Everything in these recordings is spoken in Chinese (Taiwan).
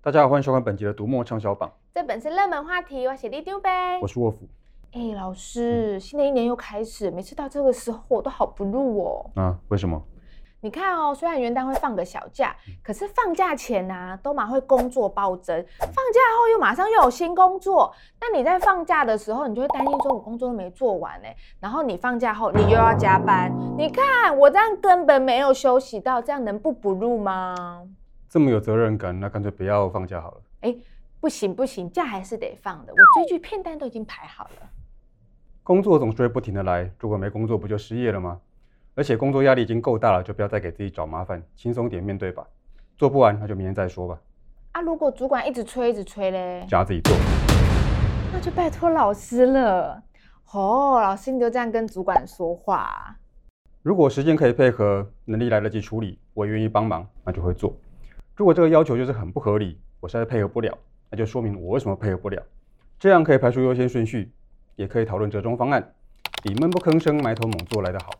大家好，歡迎收看本集的《讀墨暢銷榜》。這本是熱門話題，我寫一丟唄。我是沃夫。哎、欸，老師，嗯、新的一年又開始，每次到這個時候我都好不入哦。啊？為什麼？你看哦，雖然元旦會放個小假，嗯、可是放假前吶、啊，都嘛會工作暴增，嗯、放假後又馬上又有新工作。那你在放假的時候，你就會擔心說我工作都沒做完哎，然後你放假後你又要加班。嗯、你看我這樣根本沒有休息到，這樣能不不入嗎？這麼有責任感，那乾脆不要放假好了。欸、不行、不行，假還是得放的。我追劇片單都已經排好了。工作總是會不停的來，如果沒工作不就失業了嗎？而且工作壓力已經夠大了，就不要再給自己找麻煩，輕鬆點面對吧。做不完那就明天再說吧。啊，如果主管一直催一直催嘞，就要自己做。那就拜託老師了。哦，老師你就這樣跟主管說話。如果時間可以配合，能力來得及處理，我願意幫忙，那就會做。如果這個要求就是很不合理，我實在配合不了，那就說明我為什麼配合不了。這樣可以排出優先順序，也可以討論折中方案，比悶不吭聲埋頭猛做來得好。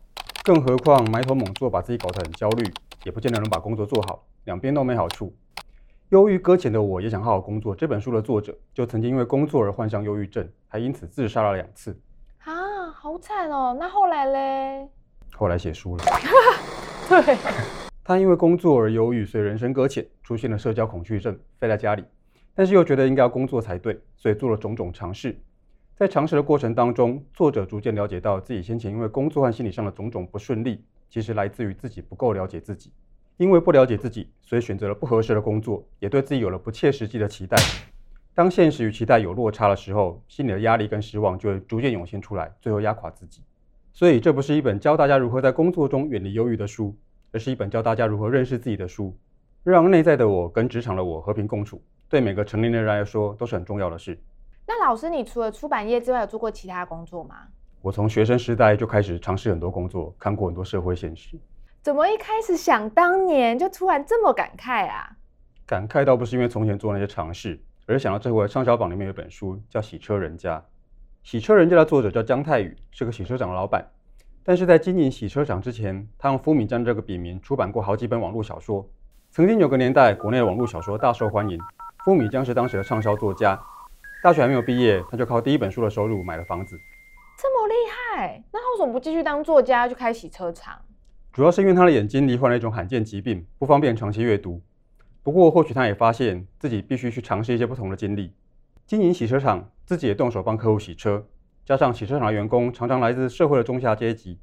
更何況埋頭猛做把自己搞得很焦慮，也不見得能把工作做好，兩邊都沒好處。憂鬱擱淺的我也想好好工作。這本書的作者就曾經因為工作而患上憂鬱症，還因此自殺了兩次。啊，好慘哦！那後來嘞？後來寫書了。 對。他因為工作而憂鬱，所以人生擱淺，出現了社交恐懼症，待在家裡。但是又覺得應該要工作才對，所以做了種種嘗試。在嘗試的過程當中，作者逐漸了解到自己先前因為工作和心理上的種種不順利，其實來自於自己不夠了解自己。因為不了解自己，所以選擇了不合適的工作，也對自己有了不切實際的期待。當現實與期待有落差的時候，心理的壓力跟失望就會逐漸湧現出來，最後壓垮自己。所以這不是一本教大家如何在工作中遠離憂鬱的書。而是一本教大家如何認識自己的書，讓內在的我跟職場的我和平共處，對每個成年人來說都是很重要的事。那老師，你除了出版業之外，有做過其他工作嗎？我從學生時代就開始嘗試很多工作，看過很多社會現實。怎麼一開始想當年就突然這麼感慨啊？感慨倒不是因為從前做那些嘗試，而是想到這回暢銷榜裡面有一本書叫《洗車人家》，《洗車人家》的作者叫姜泰宇，是個洗車場的老闆。但是在經營洗車場之前，他用“敷米漿”這個筆名出版過好幾本網絡小說。曾經有個年代，國內的網絡小說大受歡迎，敷米漿是當時的暢銷作家。大學還沒有畢業，他就靠第一本書的收入買了房子。這麼厲害，那他為什麼不繼續當作家，去開洗車廠？主要是因為他的眼睛罹患了一種罕見疾病，不方便長期閱讀。不過，或許他也發現自己必須去嘗試一些不同的經歷。經營洗車場，自己也動手幫客戶洗車。加上洗車場的員工常常來自社會的中下階級，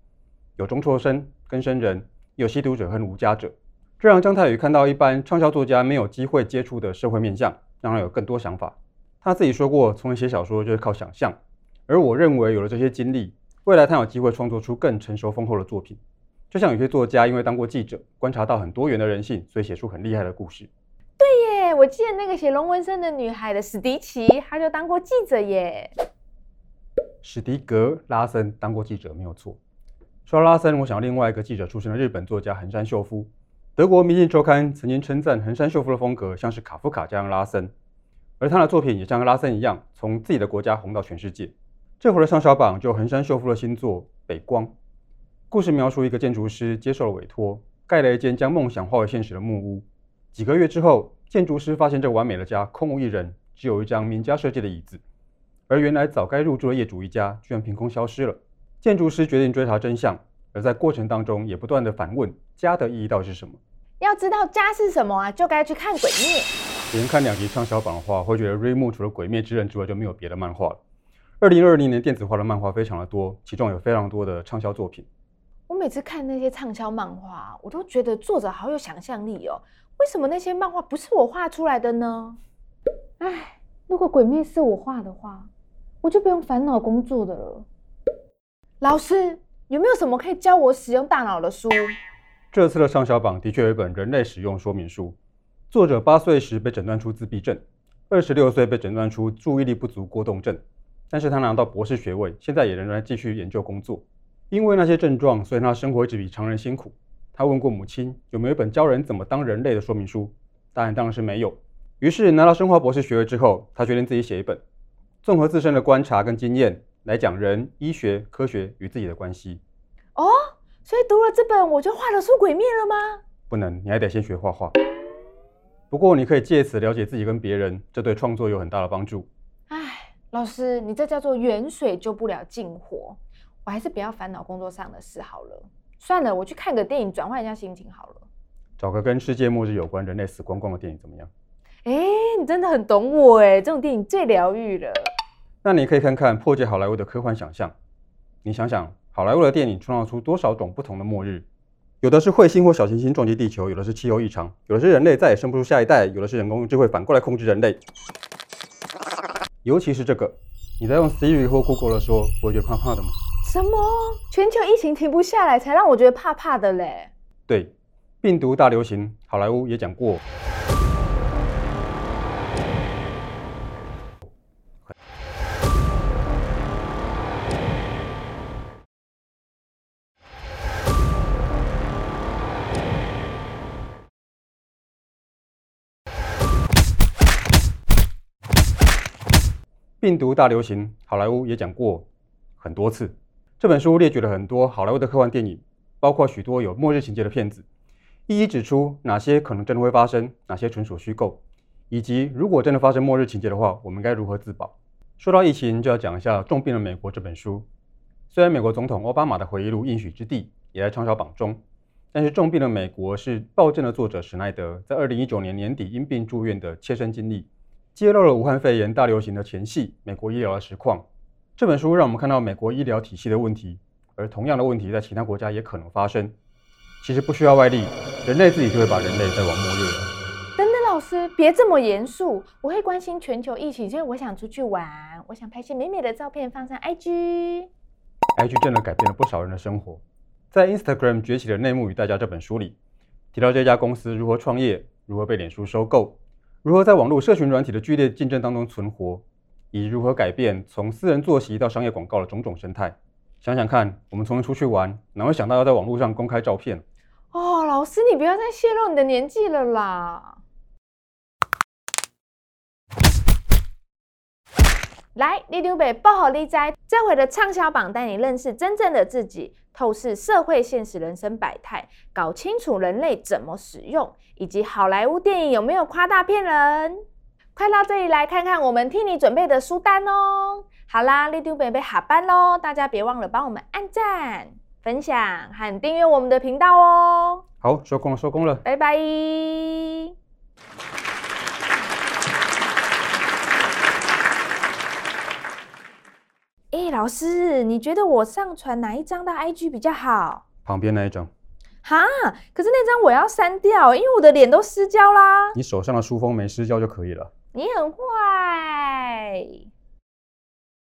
有中輟生、更生人，有吸毒者和無家者。這讓姜泰宇看到一般暢銷作家沒有機會接觸的社會面相，讓他有更多想法。他自己說過，從來寫小說就是靠想象。而我認為，有了這些經歷，未來他有機會創作出更成熟、豐厚的作品。就像有些作家因為當過記者，觀察到很多元的人性，所以寫出很厲害的故事。對耶，我記得那個寫龍紋身的女孩的史迪奇，他就當過記者耶。史迪格拉森當過記者沒有錯。說到拉森，我想到另外一個記者出身的日本作家橫山秀夫。德國《明鏡》週刊曾經稱讚橫山秀夫的風格像是卡夫卡加上拉森，而他的作品也像拉森一樣，從自己的國家紅到全世界。這回的暢銷榜就橫山秀夫的新作《北光》，故事描述一個建築師接受了委託，蓋了一間將夢想化為現實的木屋。幾個月之後，建築師發現這完美的家空無一人，只有一張名家設計的椅子。而原來早該入住的業主一家，居然憑空消失了。建築師決定追查真相，而在過程當中也不斷地反問：家的意義到底是什麼？要知道家是什麼啊，就該去看《鬼滅》。連看兩集暢銷榜的話，會覺得 Readmoo 除了《鬼滅之刃》之外就沒有別的漫畫了。二零二零年電子化的漫畫非常的多，其中有非常多的暢銷作品。我每次看那些暢銷漫畫，我都覺得作者好有想象力哦。為什麼那些漫畫不是我畫出來的呢？唉，如果《鬼滅》是我畫的話。我就不用煩惱工作的了。老師，有沒有什麼可以教我使用大腦的書？這次的暢銷榜的確有一本《人類使用說明書》。作者八歲時被診斷出自閉症，二十六歲被診斷出注意力不足過動症，但是他拿到博士學位，現在也仍然繼續研究工作。因為那些症狀，所以他生活一直比常人辛苦。他問過母親有沒有一本教人怎麼當人類的說明書，答案當然是沒有。於是拿到生化博士學位之後，他決定自己寫一本。綜合自身的觀察跟經驗來講，人、醫學、科學與自己的關係。哦，oh, 所以讀了這本我就畫得出鬼滅了嗎？不能，你還得先學畫畫。不過你可以借此了解自己跟別人，這對創作有很大的幫助。哎，老師，你這叫做「遠水救不了近火」，我還是不要煩惱工作上的事好了。算了，我去看個電影，轉換一下心情好了。找個跟世界末日有關、人類死光光的電影怎麼樣？哎、欸，你真的很懂我哎、欸，這種電影最療癒了。那你可以看看破解好萊塢的科幻想象。你想想，好萊塢的電影創造出多少種不同的末日？有的是彗星或小行星撞擊地球，有的是氣候異常，有的是人類再也生不出下一代，有的是人工智慧反過來控制人類。尤其是這個，你在用 Siri 或 Google 說，不會覺得怕怕的嗎？什麼？全球疫情停不下來才讓我覺得怕怕的嘞？對，病毒大流行，好萊塢也講過。病毒大流行，好萊塢也講過很多次。這本書列舉了很多好萊塢的科幻電影，包括許多有末日情節的片子，一一指出哪些可能真的會發生，哪些純屬虛構，以及如果真的發生末日情節的話，我們該如何自保。說到疫情，就要講一下《重病的美國》這本書。雖然美國總統奧巴馬的回憶錄《應許之地》也在暢銷榜中，但是《重病的美國》是暴政的作者史奈德在二零一九年年底因病住院的切身經歷。揭露了武漢肺炎大流行的前夕，《美國醫療的實況》這本書讓我們看到美國醫療體系的問題，而同樣的問題在其他國家也可能發生。其實不需要外力，人類自己就會把人類帶往末日。等等，老師，別這麼嚴肅，我會關心全球疫情，因為我想出去玩，我想拍些美美的照片，放上 IG。IG 真的改變了不少人的生活。在《Instagram 崛起的內幕與代價》這本書裡，提到這家公司如何創業，如何被臉書收購。如何在網絡社群軟體的劇烈競爭當中存活，以及如何改變從私人作息到商業廣告的種種生態？想想看，我們從出去玩，哪會想到要在網絡上公開照片？哦，老師，你不要再洩露你的年紀了啦。來 Readmoo 報乎你知！這回的暢銷榜帶你認識真正的自己，透視社會現實、人生百態，搞清楚人類怎麼使用，以及好萊塢電影有沒有誇大騙人。快到這裡來看看我們替你準備的書單哦。好啦 Readmoo 被下班嘍。大家別忘了幫我們按讚、分享和訂閱我們的頻道哦。好，收工了，收工了，拜拜。哎，老師，你覺得我上傳哪一張的 IG 比較好？旁邊那一張。哈，可是那張我要刪掉，因為我的臉都失焦啦。你手上的書封沒失焦就可以了。你很壞。